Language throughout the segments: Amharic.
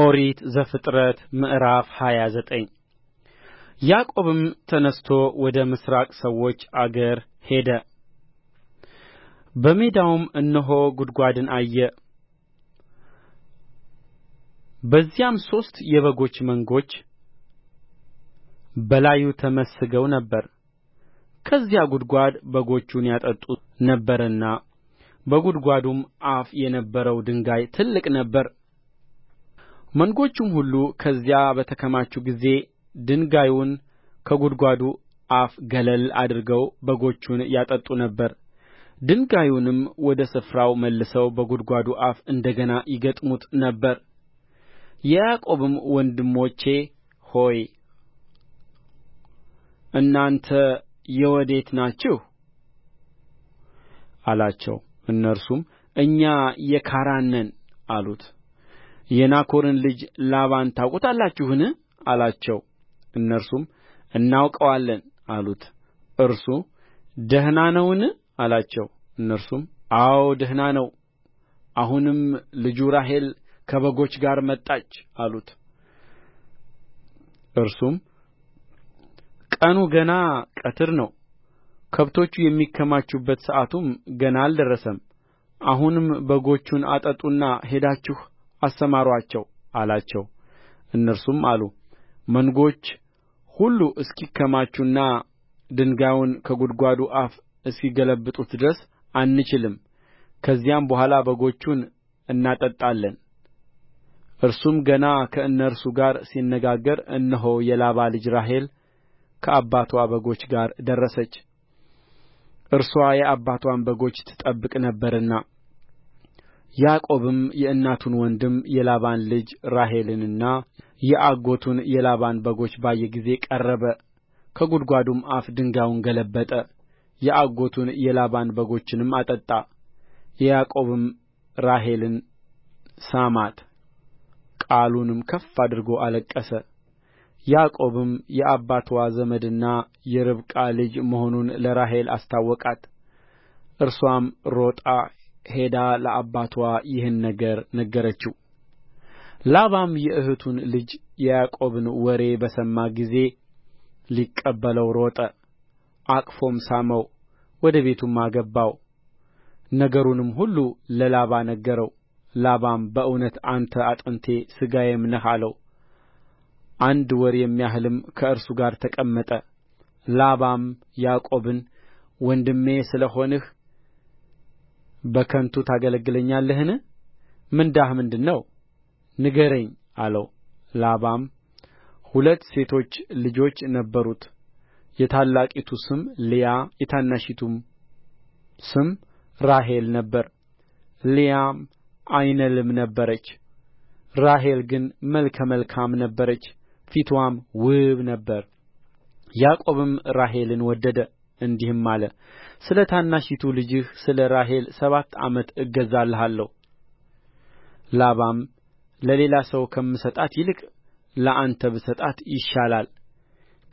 ኦሪት ዘፍጥረት ምዕራፍ ሃያ ዘጠኝ ያዕቆብም ተነሥቶ ወደ ምሥራቅ ሰዎች አገር ሄደ በሜዳውም እነሆ ጕድጓድን አየ በዚያም ሦስት የበጎች መንጎች በላዩ ተመስገው ነበር ከዚያ ጕድጓድ በጎቹን ያጠጡ ነበርና በጕድጓዱም አፍ የነበረው ድንጋይ ትልቅ ነበረ መንጎቹም ሁሉ ከዚያ በተከማቹ ጊዜ ድንጋዩን ከጕድጓዱ አፍ ገለል አድርገው በጎቹን ያጠጡ ነበር ድንጋዩንም ወደ ስፍራው መልሰው በጕድጓዱ አፍ እንደ ገና ይገጥሙት ነበር የያዕቆብም ወንድሞቼ ሆይ እናንተ የወዴት ናችሁ አላቸው እነርሱም እኛ የካራን ነን አሉት የናኮርን ልጅ ላባን ታውቁታላችሁን አላቸው እነርሱም እናውቀዋለን አሉት እርሱ ደህና ነውን አላቸው እነርሱም አዎን ደህና ነው አሁንም ልጁ ራሔል ከበጎች ጋር መጣች አሉት እርሱም ቀኑ ገና ቀትር ነው ከብቶቹ የሚከማቹበት ሰዓቱም ገና አልደረሰም አሁንም በጎቹን አጠጡና ሄዳችሁ አሰማሩአቸው አላቸው እነርሱም አሉ መንጎች ሁሉ እስኪከማቹና ድንጋዩን ከጕድጓዱ አፍ እስኪገለብጡት ድረስ አንችልም ከዚያም በኋላ በጎቹን እናጠጣለን እርሱም ገና ከእነርሱ ጋር ሲነጋገር እነሆ የላባ ልጅ ራሔል ከአባትዋ በጎች ጋር ደረሰች እርስዋ የአባትዋን በጎች ትጠብቅ ነበርና ያዕቆብም የእናቱን ወንድም የላባን ልጅ ራሔልንና የአጎቱን የላባን በጎች ባየ ጊዜ ቀረበ ከጕድጓዱም አፍ ድንጋዩን ገለበጠ የአጎቱን የላባን በጎችንም አጠጣ ያዕቆብም ራሔልን ሳማት ቃሉንም ከፍ አድርጎ አለቀሰ ያዕቆብም የአባትዋ ዘመድና የርብቃ ልጅ መሆኑን ለራሔል አስታወቃት እርስዋም ሮጣ ሄዳ ለአባትዋ ይህን ነገር ነገረችው ላባም የእኅቱን ልጅ የያዕቆብን ወሬ በሰማ ጊዜ ሊቀበለው ሮጠ አቅፎም ሳመው ወደ ቤቱም አገባው ነገሩንም ሁሉ ለላባ ነገረው ላባም በእውነት አንተ አጥንቴ ሥጋዬም ነህ አለው አንድ ወር የሚያህልም ከእርሱ ጋር ተቀመጠ ላባም ያዕቆብን ወንድሜ ስለ ሆንህ በከንቱ ታገለግለኛለህን ምንዳህ ምንድር ነው ንገረኝ አለው ላባም ሁለት ሴቶች ልጆች ነበሩት የታላቂቱ ስም ልያ የታናሺቱም ስም ራሔል ነበረ ልያም ዓይነ ልም ነበረች ራሔል ግን መልከ መልካም ነበረች ፊትዋም ውብ ነበረ ያዕቆብም ራሔልን ወደደ እንዲህም አለ ስለ ታናሺቱ ልጅህ ስለ ራሔል ሰባት ዓመት እገዛልሃለሁ ላባም ለሌላ ሰው ከምሰጣት ይልቅ ለአንተ ብሰጣት ይሻላል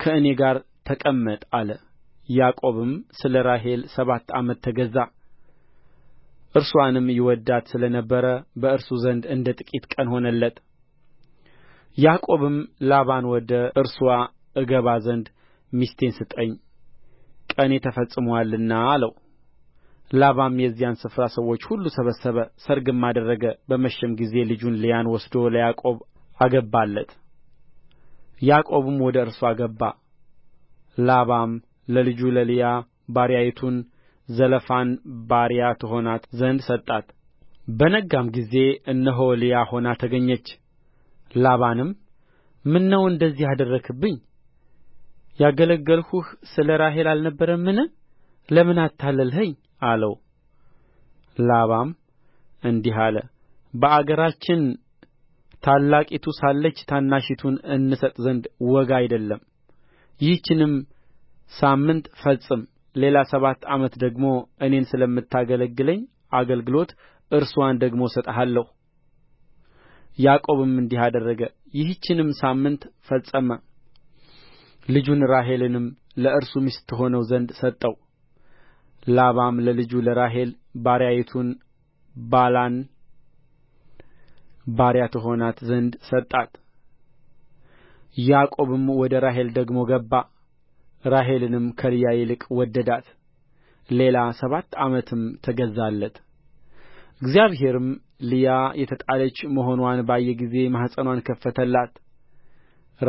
ከእኔ ጋር ተቀመጥ አለ ያዕቆብም ስለ ራሔል ሰባት ዓመት ተገዛ እርስዋንም ይወድዳት ስለ ነበረ በእርሱ ዘንድ እንደ ጥቂት ቀን ሆነለት ያዕቆብም ላባን ወደ እርስዋ እገባ ዘንድ ሚስቴን ስጠኝ ቀኔ ተፈጽሞአልና አለው ላባም የዚያን ስፍራ ሰዎች ሁሉ ሰበሰበ ሰርግም አደረገ በመሸም ጊዜ ልጁን ልያን ወስዶ ለያዕቆብ አገባለት ያዕቆብም ወደ እርስዋ ገባ ላባም ለልጁ ለልያ ባሪያይቱን ዘለፋን ባሪያ ትሆናት ዘንድ ሰጣት በነጋም ጊዜ እነሆ ልያ ሆና ተገኘች ላባንም ምነው እንደዚህ አደረግህብኝ ያገለገልሁህ ስለ ራሔል አልነበረምን ለምን አታለልኸኝ አለው ላባም እንዲህ አለ በአገራችን ታላቂቱ ሳለች ታናሺቱን እንሰጥ ዘንድ ወግ አይደለም ይህችንም ሳምንት ፈጽም ሌላ ሰባት ዓመት ደግሞ እኔን ስለምታገለግለኝ አገልግሎት እርስዋን ደግሞ እሰጥሃለሁ ያዕቆብም እንዲህ አደረገ ይህችንም ሳምንት ፈጸመ ልጁን ራሔልንም ለእርሱ ሚስት ትሆነው ዘንድ ሰጠው ላባም ለልጁ ለራሔል ባሪያይቱን ባላን ባሪያ ትሆናት ዘንድ ሰጣት ያዕቆብም ወደ ራሔል ደግሞ ገባ ራሔልንም ከልያ ይልቅ ወደዳት ሌላ ሰባት ዓመትም ተገዛለት እግዚአብሔርም ልያ የተጣለች መሆንዋን ባየ ጊዜ ማኅፀንዋን ከፈተላት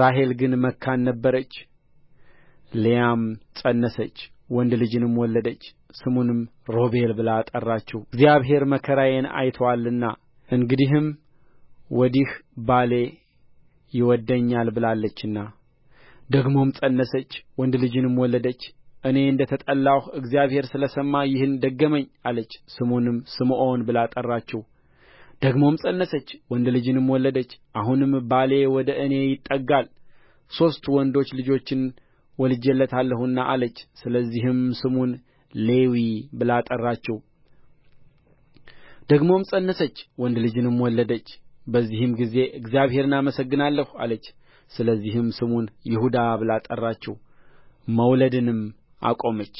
ራሔል ግን መካን ነበረች ልያም ፀነሰች ወንድ ልጅንም ወለደች ስሙንም ሮቤል ብላ ጠራችው እግዚአብሔር መከራዬን አይቶአልና እንግዲህም ወዲህ ባሌ ይወድደኛል ብላለችና ደግሞም ፀነሰች ወንድ ልጅንም ወለደች እኔ እንደ ተጠላሁ እግዚአብሔር ስለ ሰማ ይህን ደገመኝ አለች ስሙንም ስምዖን ብላ ጠራችው ደግሞም ፀነሰች ወንድ ልጅንም ወለደች አሁንም ባሌ ወደ እኔ ይጠጋል ሦስት ወንዶች ልጆችን ወልጄለታለሁና አለች ስለዚህም ስሙን ሌዊ ብላ ጠራችው ደግሞም ፀነሰች ወንድ ልጅንም ወለደች በዚህም ጊዜ እግዚአብሔርን አመሰግናለሁ አለች ስለዚህም ስሙን ይሁዳ ብላ ጠራችው መውለድንም አቆመች